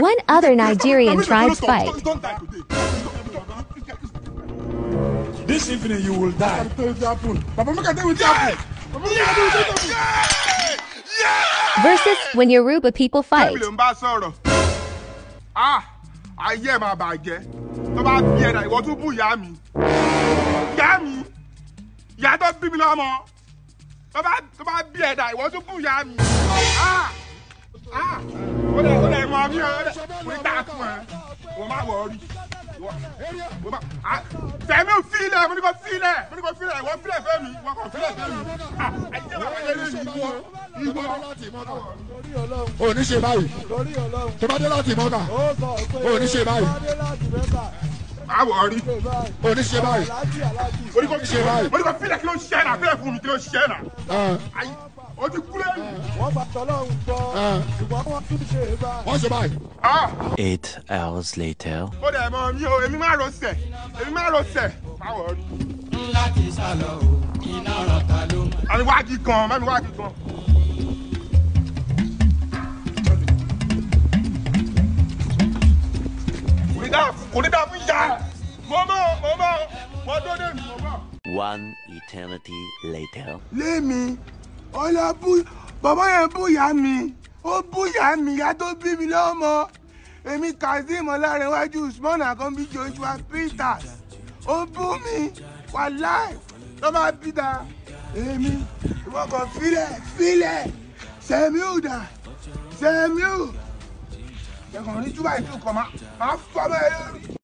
One other Nigerian tried fight. This evening you will die. Versus when Yoruba people fight. Ah, I hear my bag. tó bá bí ẹ̀dá ìwọ tún bú ìyá mi ìyá mi ìyá tó bí mi tó bá tó bá bí ẹ̀dá ìwọ tún bú mọ̀ ẹ́ wọ́n máa wọ̀ ọ́ tẹ̀mí ò fílẹ̀ mo ní kò fílẹ̀ mo ní kò fílẹ̀ ìwọ fílẹ̀ fẹ́ mi ìwọ kò fílẹ̀ fẹ́ mi àìjẹ́ bàbá yẹn lóṣù ìwọ ìwọ oníṣe báyìí tó dé láti mọ́ta oníṣe báyìí àwọ̀ rí oníṣe báyìí oníṣe báyìí mo ní kò kí ló ń ṣẹ́ nà fílẹ̀ fún mi kí ló ń ṣẹ́ nà. Ah o kúlẹ̀ yìí. wọ́n bá tọ́lọ́ ń gbọ́ ah. ṣùgbọ́n wọ́n tún ṣe é bá. wọ́n ṣe báyìí. Ah. eight hours later. ó dẹ̀ mọ mi o èmi máa rọṣẹ̀ èmi máa rọṣẹ̀ báwo ńlá ti sálọ o iná ọ̀rọ̀ ta ló ń. àmì wáàgì kan mami wáàgì kan. one eternity later. lémi ó lọ bú bàbá yẹn búyà mi ó búyà mi ìyá tó bí mi lọ́mọ èmi kazeem ọlárẹ̀wájú usman akọ́nbí joshua peters ó bú mi wàláì ló máa bí da èmi ìwọ kan filẹ̀ filẹ̀ sẹ́miù dà sẹ́miù ẹ̀kọ́ ní túbà ìtúkọ̀ máa fọ́ bẹ́ẹ̀ lórí.